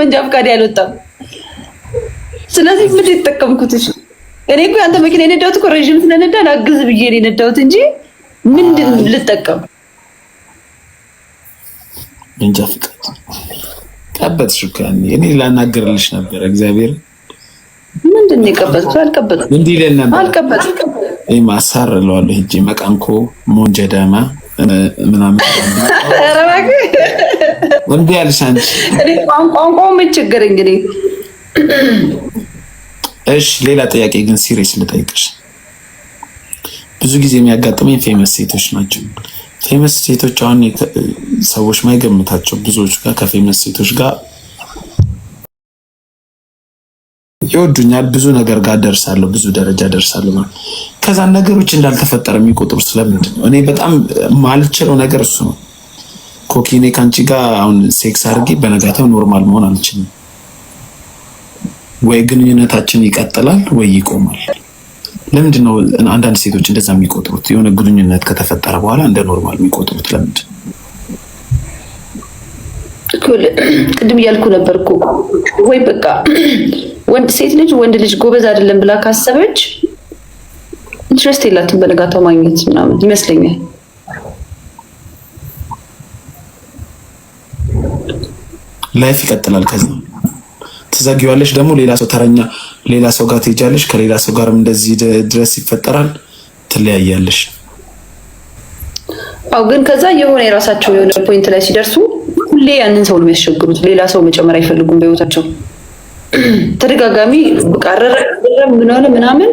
መንጃ ፈቃድ ያልወጣም። ስለዚህ ምን የተጠቀምኩት? እኔ እኮ ያንተ መኪና የነዳሁት እኮ ረዥም ስለነዳ ላግዝ ብዬ ነው የነዳሁት እንጂ ምንድን ልጠቀም? መንጃ ፈቃድ ቀበት እኮ እኔ ላናገርልሽ ነበር። እግዚአብሔር ምንድን ነው የቀበጥኩት? እንዲህ ይለን ነበር። አልቀበጥኩም። ይሄማ አሳርለዋለሁ ሂጅ መቃንኮ ሞንጀዳማ ምናምን እምቢ አልሽ አንቺ። ቋንቋውም ችግር እንግዲህ። እሺ ሌላ ጥያቄ ግን ሲሪየስ ልጠይቅሽ። ብዙ ጊዜ የሚያጋጥመኝ ፌመስ ሴቶች ናቸው። ፌመስ ሴቶች አሁን ሰዎች ማይገምታቸው ብዙዎች ጋር ከፌመስ ሴቶች ጋር ይወዱኛል ብዙ ነገር ጋር ደርሳለሁ፣ ብዙ ደረጃ ደርሳለሁ ማለት ከዛ ነገሮች እንዳልተፈጠረ የሚቆጥሩ ስለምንድን ነው? እኔ በጣም ማልችለው ነገር እሱ ነው። ኮኪኔ ከአንቺ ጋር አሁን ሴክስ አድርጌ በነጋታው ኖርማል መሆን አልችልም። ወይ ግንኙነታችን ይቀጥላል ወይ ይቆማል። ለምንድን ነው አንዳንድ ሴቶች እንደዛ የሚቆጥሩት? የሆነ ግንኙነት ከተፈጠረ በኋላ እንደ ኖርማል የሚቆጥሩት ለምንድን? ቅድም እያልኩ ነበር እኮ ወይ በቃ ወንድ ሴት ልጅ ወንድ ልጅ ጎበዝ አይደለም ብላ ካሰበች ኢንትረስት የላትም በነጋታው ማግኘት ምናምን ይመስለኛል። ላይፍ ይቀጥላል። ከዚህ ትዘጊዋለሽ፣ ደግሞ ሌላ ሰው ተረኛ ሌላ ሰው ጋር ትሄጃለሽ። ከሌላ ሰው ጋርም እንደዚህ ድረስ ይፈጠራል፣ ትለያያለሽ። አው ግን ከዛ የሆነ የራሳቸው የሆነ ፖይንት ላይ ሲደርሱ ሁሌ ያንን ሰው ነው የሚያስቸግሩት። ሌላ ሰው መጨመር አይፈልጉም በህይወታቸው ተደጋጋሚ ምን ሆነ ምናምን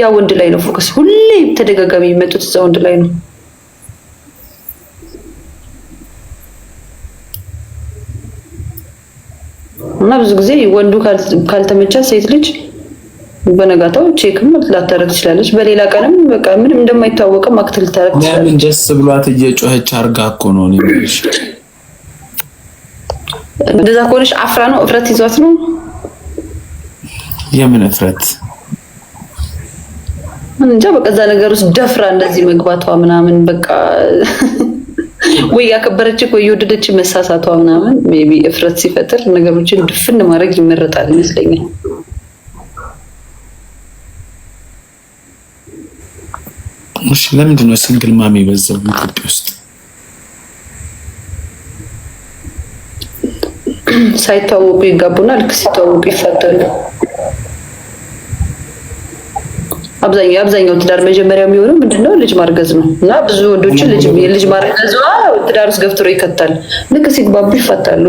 ያ ወንድ ላይ ነው ፎከስ። ሁሌ ተደጋጋሚ የሚመጡት እዛ ወንድ ላይ ነው። እና ብዙ ጊዜ ወንዱ ካልተመቻት ሴት ልጅ በነጋታው ቼክም ላታረግ ትችላለች። በሌላ ቀንም በቃ ምንም እንደማይታወቀ ማክት ልታረግ ትችላለች። ምን ደስ ብሏት እየጮኸች አርጋ እኮ ነው። እንደዛ ከሆነች አፍራ ነው። እፍረት ይዟት ነው። የምን እፍረት እንጃ። በቃ እዛ ነገር ውስጥ ደፍራ እንደዚህ መግባቷ ምናምን በቃ ወይ ያከበረች ወይ የወደደች መሳሳቷ ምናምን ሜይ ቢ እፍረት ሲፈጥር ነገሮችን ድፍን ማድረግ ይመረጣል ይመስለኛል። እሺ፣ ለምንድን ነው ሲንግል ማሚ በዛው ኢትዮጵያ ውስጥ ሳይታወቁ ይጋቡና ልክ ሲታወቁ ይፋታሉ? አብዛኛው አብዛኛው ትዳር መጀመሪያ የሚሆነው ምንድነው ልጅ ማርገዝ ነው እና ብዙ ወንዶችን ልጅ ልጅ ማርገዟ ትዳር ውስጥ ገፍትሮ ይከታል። ልክ ሲግባቡ ይፈታሉ።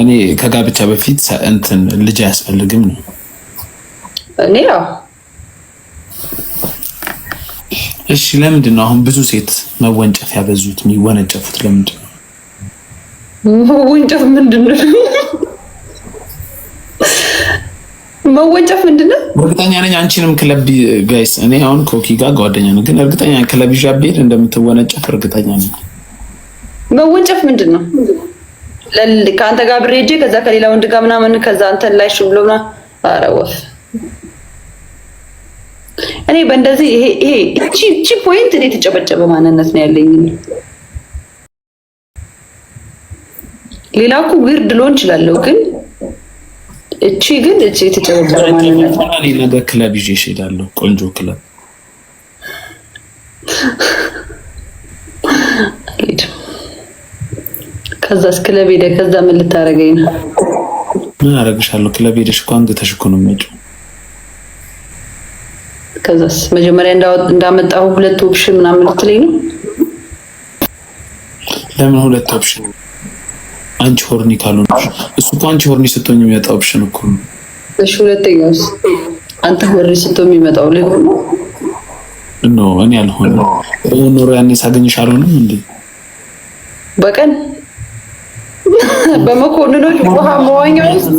እኔ ከጋብቻ በፊት እንትን ልጅ አያስፈልግም ነው እኔ ያው እሺ፣ ለምንድን ነው አሁን ብዙ ሴት መወንጨፍ ያበዙት? የሚወነጨፉት ለምንድን ነው? ወንጨፍ ምንድን ነው? መወንጨፍ ምንድነው? እርግጠኛ ነኝ አንቺንም ክለብ ጋይስ፣ እኔ አሁን ኮኪ ጋር ጓደኛ ነኝ፣ ግን እርግጠኛ ክለብ ይዣ ብሄድ እንደምትወነጨፍ እርግጠኛ ነኝ። መወንጨፍ ምንድን ነው? ከአንተ ጋር ብሬ ከዛ ከሌላ ወንድ ጋር ምናምን ከዛ አንተ ላይ ሽ ብሎ ምናምን። ኧረ እኔ በእንደዚህ ይሄ ይሄ እቺ ፖይንት እኔ የተጨበጨበ ማንነት ነው ያለኝ። ሌላ እኮ ዊርድ ሎን እችላለሁ ግን እቺ ግን እቺ የተጨበረ ነገ ክለብ ይዤ እሄዳለሁ። ቆንጆ ክለብ ከዛስ ክለብ ሄደ። ከዛ ምን ልታረገኝ ነው? ምን አረግሻለሁ? ክለብ ሄደሽ እኮ አንግተሽ እኮ ነው የምመጪው። ከዛስ መጀመሪያ እንዳመጣሁ ሁለት ኦፕሽን ምናምን ልትለኝ ነው? ለምን ሁለት ኦፕሽን አንቺ ሆርኒ ካልሆነ እሱ እኮ አንቺ ሆርኒ ስትሆኝ የሚመጣ ኦፕሽን እኮ ነው። እሺ ሁለተኛውስ? አንተ ሆርኒ ስትሆን የሚመጣው ላይ ነው። ኖ እኔ አልሆነ ኖሮ ያኔ ሳገኝሽ አልሆንም እንዴ በቀን በመኮንኖች ውሃ መዋኛ ውስጥ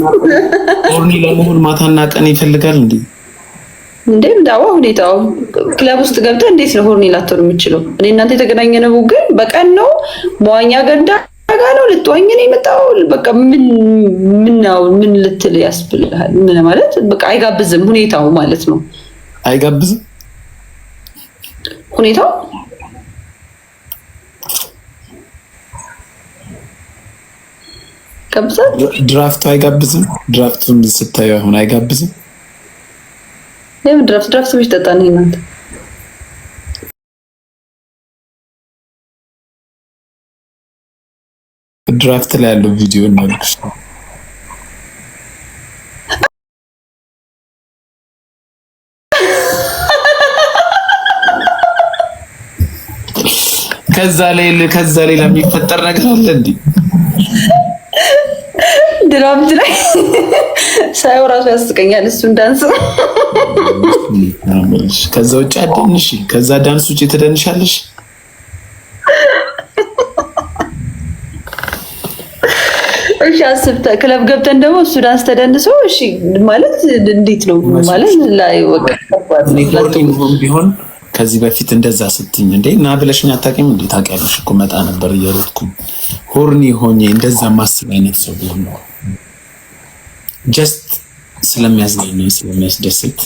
ሆርኒ ለመሆን ማታና ቀን ይፈልጋል እንዴ? እንዴም ዳዋ ሁኔታው ክለብ ውስጥ ገብተህ እንዴት ነው ሆርኒ ላትሆን የምችለው? እኔ እናንተ የተገናኘነው ግን በቀን ነው መዋኛ ገንዳ ልትረጋ ነው? ልትወኝ ነው የመጣው? በቃ ምን ምናው ምን ልትል ያስብልሃል? ምን ማለት በቃ አይጋብዝም ሁኔታው ማለት ነው። አይጋብዝም ሁኔታው ድራፍቱ አይጋብዝም። ድራፍቱን ስታዩ አሁን አይጋብዝም። ድራፍት ድራፍት ብቻ ጠጣን ይናንተ ድራፍት ላይ ያለው ቪዲዮ ነው። ከዛ ላይ ከዛ ሌላ የሚፈጠር ነገር አለ እንዴ? ድራፍት ላይ ሳይው ራሱ ያስቀኛል። እሱን ዳንስ ከዛ ውጭ አደንሽ፣ ከዛ ዳንስ ውጭ ትደንሻለሽ። እሺ አስብ ክለብ ገብተን ደግሞ እሱ ዳንስ ተደንሶ እሺ ማለት እንዴት ነው ማለት ላይ ወቀ ቢሆን ከዚህ በፊት እንደዛ ስትኝ እንዴ ና ብለሽኝ አታውቂም እንዴ? ታውቂያለሽ እኮ መጣ ነበር እየሮጥኩኝ ሆርኒ ሆኜ እንደዛ ማስብ አይነት ሰው ቢሆን ነው ጀስት ስለሚያዝናናኝ ስለሚያስደስት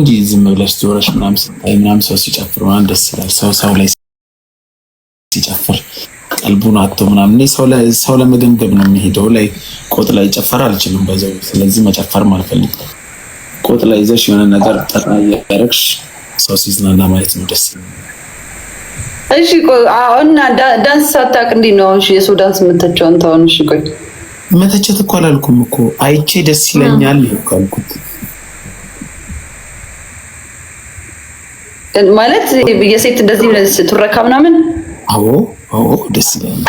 እንዲህ ዝም ብለሽ ዞረሽ ምናምን ስታይ ምናምን ሰው ሲጨፍር ምናምን ደስ ይላል። ሰው ሰው ላይ ሲጨፍር ቀልቡን አቶ ምናምን ሰው ለመገንገብ ነው የሚሄደው። ላይ ቆጥ ላይ ጨፈር አልችልም በዘው ስለዚህ መጨፈርም አልፈልግም። ቆጥ ላይ ይዘሽ የሆነ ነገር ጠና እያደረግሽ ሰው ሲዝናና ማየት ነው ደስ እሺ እና ዳንስ ሳታቅ እንዲ ነው የሰው ዳንስ የምተቸው? አንተ አሁን እሺ ቆይ መተቸት እኮ አላልኩም እኮ አይቼ ደስ ይለኛል ካልኩት ማለት የሴት እንደዚህ ቱረካ ምናምን አዎ አዎ፣ ደስ ይላል።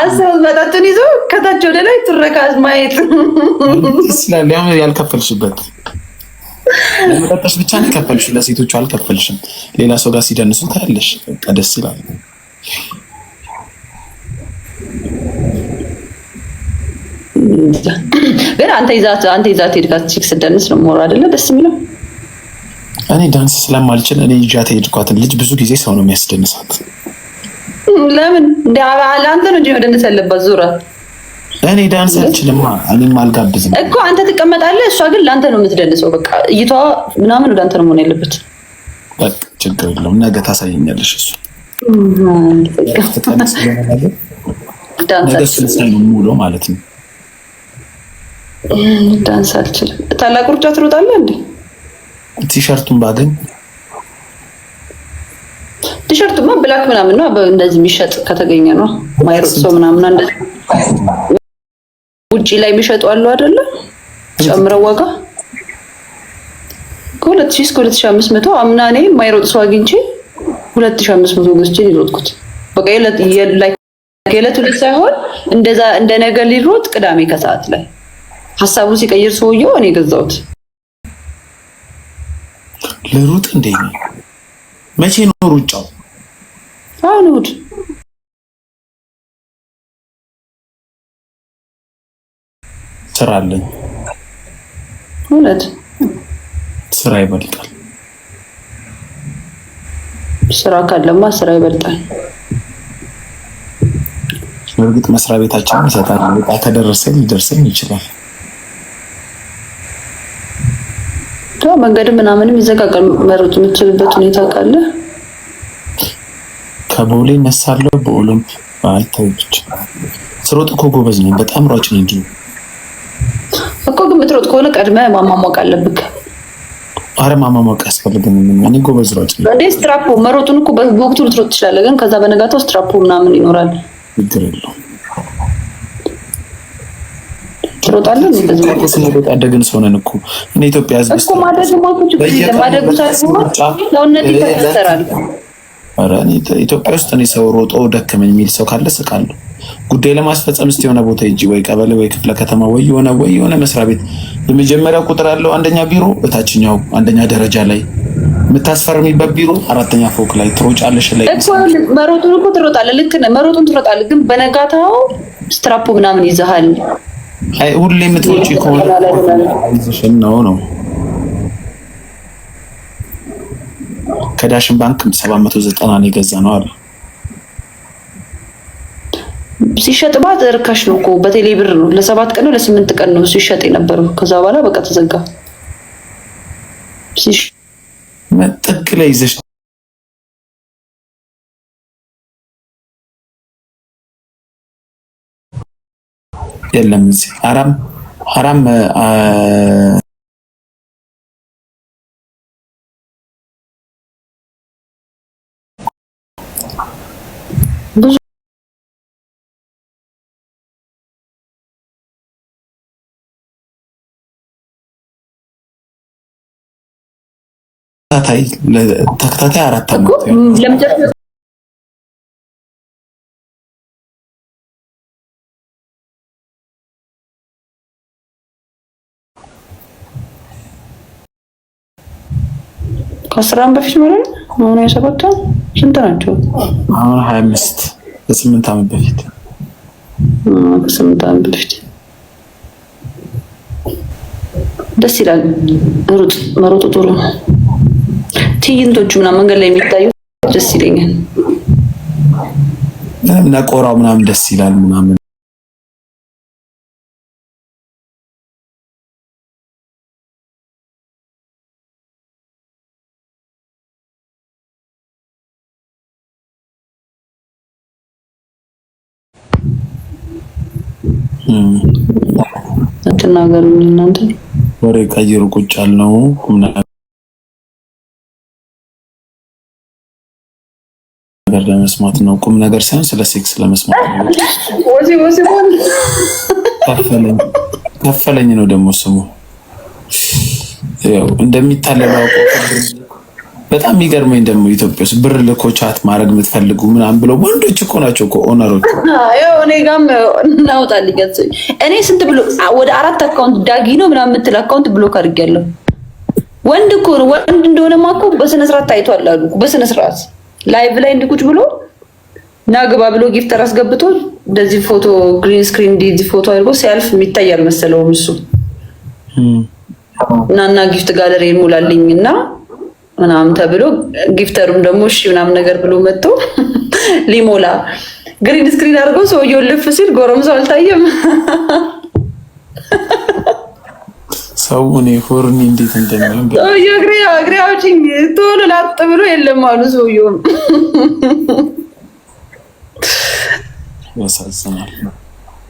አስቡት፣ መጠጡን ይዞ ከታች ወደ ላይ ትረካ ማየት ደስ ይላል። ያልከፈልሽበት ለመጠጦች ብቻ ነው የከፈልሽው፣ ለሴቶቹ አልከፈልሽም። ሌላ ሰው ጋር ሲደንሱ ታያለሽ። በቃ ደስ ይላል። ግን አንተ ይዛት አንተ ይዛት ሄድካት ሲክስ ደንስ ነው ሞራ አይደለ ደስ የሚለው እኔ ዳንስ ስለማልችል እኔ ይዣት የሄድኳትን ልጅ ብዙ ጊዜ ሰው ነው የሚያስደንሳት። ለምን አንተ ነው እንጂ መደነስ ያለባት ዙራ እኔ ዳንስ አልችልማ፣ እኔም አልጋብዝም እኮ አንተ ትቀመጣለህ፣ እሷ ግን ለአንተ ነው የምትደንሰው። በቃ እይቷ ምናምን ወደ አንተ ነው መሆን ያለበት። በቃ ችግር የለውም፣ ነገ ታሳየኛለሽ። እሱ ሙሎ ማለት ነው። ዳንስ አልችልም። ታላቅ ሩጫ ትሮጣለህ እንዴ? ቲሸርቱን ባገኝ ቲሸርቱማ ብላክ ምናምን ነው እንደዚህ የሚሸጥ ከተገኘ ነው። ማይሮሶ ምናምን እንደዚህ ውጪ ላይ የሚሸጡ አሉ አይደለ? ጨምረው ዋጋ ከሁለት ሺህ እስከ ሁለት ሺህ አምስት መቶ አምና እኔ ማይሮጥ ሰው አግኝቼ ሁለት ሺህ አምስት መቶ ገዝቼ ሊሮጥኩት በቃ የዕለት ሁለት ሳይሆን እንደዛ እንደ ነገ ሊሮጥ ቅዳሜ ከሰዓት ላይ ሀሳቡን ሲቀይር ሰውየው እኔ ገዛሁት። ልሩጥ እንዴ? መቼ ነው ሩጫው? አሁን ስራ አለኝ። እውነት ስራ ይበልጣል። ስራ ካለማ ስራ ይበልጣል። እርግጥ መስሪያ ቤታችንን ይሰጣል። ዕጣ ከደረሰኝ ሊደርሰኝ ይችላል። ያው መንገድ ምናምንም ይዘጋጋል። መሮጥ የምችልበት ሁኔታ ካለ ከቦሌ እነሳለሁ። በኦሎምፒክ አይታይች ስሮጥ እኮ ጎበዝ ነኝ፣ በጣም ሯጭ ነኝ እንጂ እኮ ግን ምትሮጥ ከሆነ ቀድመህ ማሟሟቅ አለብህ። አረ ማሟሟቅ አያስፈልግም። እኔ ጎበዝ ሯጭ ነኝ። እንዴ ስትራፖ መሮጡን እኮ በወቅቱ ልትሮጥ ትችላለህ፣ ግን ከዛ በነጋታው ስትራፖ ምናምን ይኖራል። ችግር የለውም ትሮጣለን የታደግን ሰው ነን እኮ እኔ ኢትዮጵያ ህዝብ እኮ ማድረግ ኢትዮጵያ ውስጥ እኔ ሰው ሮጦ ደከመኝ የሚል ሰው ካለ ስቃለሁ። ጉዳይ ለማስፈጸም እስቲ የሆነ ቦታ ሂጂ ወይ ቀበሌ ወይ ክፍለ ከተማ ወይ የሆነ ወይ የሆነ መስሪያ ቤት የመጀመሪያ ቁጥር ያለው አንደኛ ቢሮ እታችኛው አንደኛ ደረጃ ላይ የምታስፈርሚበት ቢሮ አራተኛ ፎቅ ላይ ትሮጫለሽ። ላይ መሮጡን እኮ ትሮጣለህ። ልክ ነህ። መሮጡን ትሮጣለህ፣ ግን በነጋታው ስትራፑ ምናምን ይዘሃል አይ ሁሌ የምትወጪ ከሆነ አይዞሽን ነው ነው ከዳሽን ባንክ 790 ነው የገዛ ነው አለ። ሲሸጥባት ርካሽ ነው እኮ በቴሌ ብር ነው። ለሰባት ቀን ነው ለስምንት ቀን ነው ሲሸጥ የነበረው። ከዛ በኋላ በቃ ተዘጋ። ጥግ ላይ ይዘሽ የለም። እዚህ አራም አራም ተከታታይ አራት ዓመት ከአስር ዓመት በፊት ማለት ነው። አሁን ስንት ናቸው? አሁን ሃያ አምስት ከስምንት ዓመት በፊት ከስምንት ዓመት በፊት ደስ ይላል። ሩጥ መሮጡ ጥሩ ትዕይንቶቹ ምናምን መንገድ ላይ የሚታዩት ደስ ይለኛል። ነቆራው ምናምን ደስ ይላል ምናምን አትናገሩ እናንተ ወሬ ቀይሩ ቁጭ ያልነው ነገር ለመስማት ነው። ቁም ነገር ሳይሆን ስለ ሴክስ ለመስማት ነው። ከፈለኝ ነው ደግሞ ስሙ እንደሚታለለው በጣም የሚገርመኝ ደግሞ ኢትዮጵያ ውስጥ ብር ልኮ ቻት ማድረግ የምትፈልጉ ምናምን ብለው ወንዶች እኮ ናቸው እኮ ኦነሮች። እኔ ጋም እናወጣልኝ እኔ ስንት ብሎ ወደ አራት አካውንት ዳጊ ነው ምናምን የምትል አካውንት ብሎክ አድርጌያለሁ። ወንድ እኮ ነው ወንድ እንደሆነማ እኮ በስነስርዓት ታይቷል አሉ። በስነስርዓት ላይቭ ላይ እንድቁጭ ብሎ ናግባ ብሎ ጊፍተር አስገብቶ እንደዚህ ፎቶ ግሪን ስክሪን እንደዚህ ፎቶ አድርጎ ሲያልፍ የሚታይ አልመሰለውም እሱ እና እና ጊፍት ጋለሪ ሙላልኝ እና ምናምን ተብሎ ጊፍተሩም ደግሞ እሺ ምናምን ነገር ብሎ መጥቶ ሊሞላ ግሪን ስክሪን አድርጎ ሰውየውን ልፍ ሲል ጎረምሳው አልታየም። ሰው እኔ ሆርኒ እንዴት እንደሚሆን እግሬ አውጪኝ ቶሎ ላጥ ብሎ የለም አሉ ሰውየውም ያሳዝናል።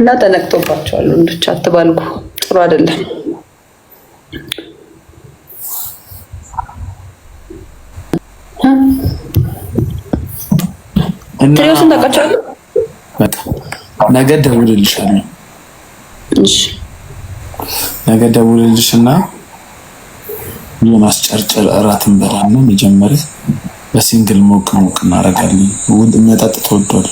እና ተነቅቶባቸዋል። ወንዶች አትባልጉ፣ ጥሩ አይደለም። ትሪዎስን ታውቃቸዋለህ? ነገ ደውልልሻለሁ። ነገ ደውልልሽና የማስጨርጨር እራት እንበላና መጀመሪያ በሲንግል ሞቅ ሞቅ እናደርጋለን። ውድ መጠጥ ተወዷል።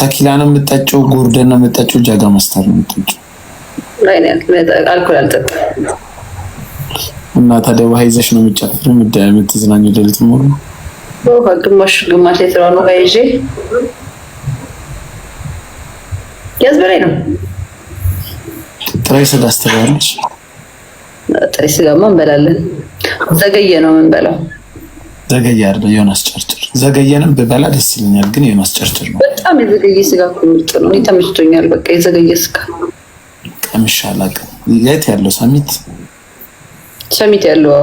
ተኪላ ነው የምጠጪው? ጎርደን ነው የምጠጪው? ጃጋ ማስተር ነው የምጠጪው? አልኮል አልጠጣም። እና ታዲያ ውሃ ይዘሽ ነው የምትጨፍሪው የምትዝናኙ ሌሊት ሙሉ? ግማሽ ግማሽ ሌትራ ነው ውሃ ይዤ ያዝበላይ ነው። ጥሬ ስጋ አስተባለች። ጥሬ ስጋማ እንበላለን። ዘገየ ነው የምንበላው። ዘገየ አይደለ ዮናስ ጨርጭር። ዘገየንም ብበላ ደስ ይለኛል፣ ግን ዮናስ ጨርጭር ነው በጣም የዘገየ ስጋ እኮ ምርጥ ነው። እኔ ተመችቶኛል። በቃ የዘገየ ስጋ ቀምሻ አላውቅም። የት ያለው ሳሚት ሰሚት ያለው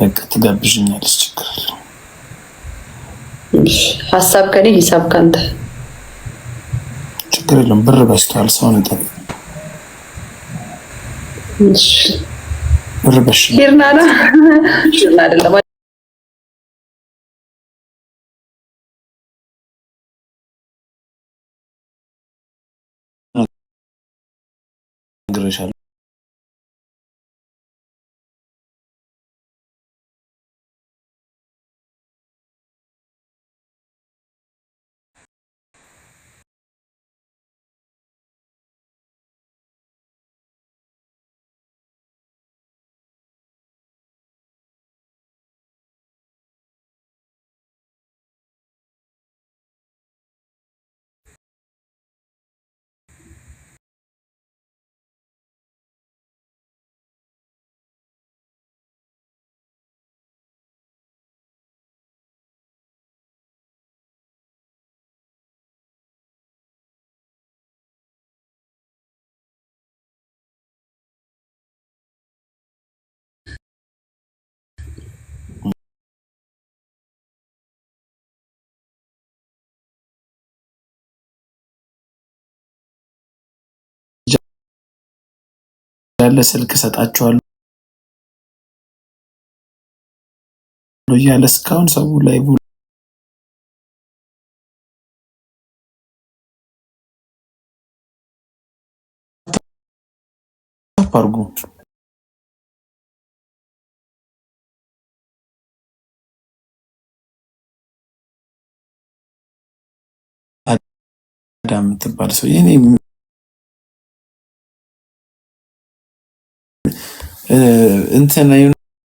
በቃ ትጋብዥኛለች። ችግር አለው። ሀሳብ ከኔ ሂሳብ ካንተ ችግር የለም። ብር በስቷል። ሰው ነው ብር በሽ ሂርናና ሂርና አይደለም እንዳለ ስልክ እሰጣቸዋለሁ እያለ እስካሁን ሰው ላይ አድርጉ አዳም የምትባል ሰው እንትን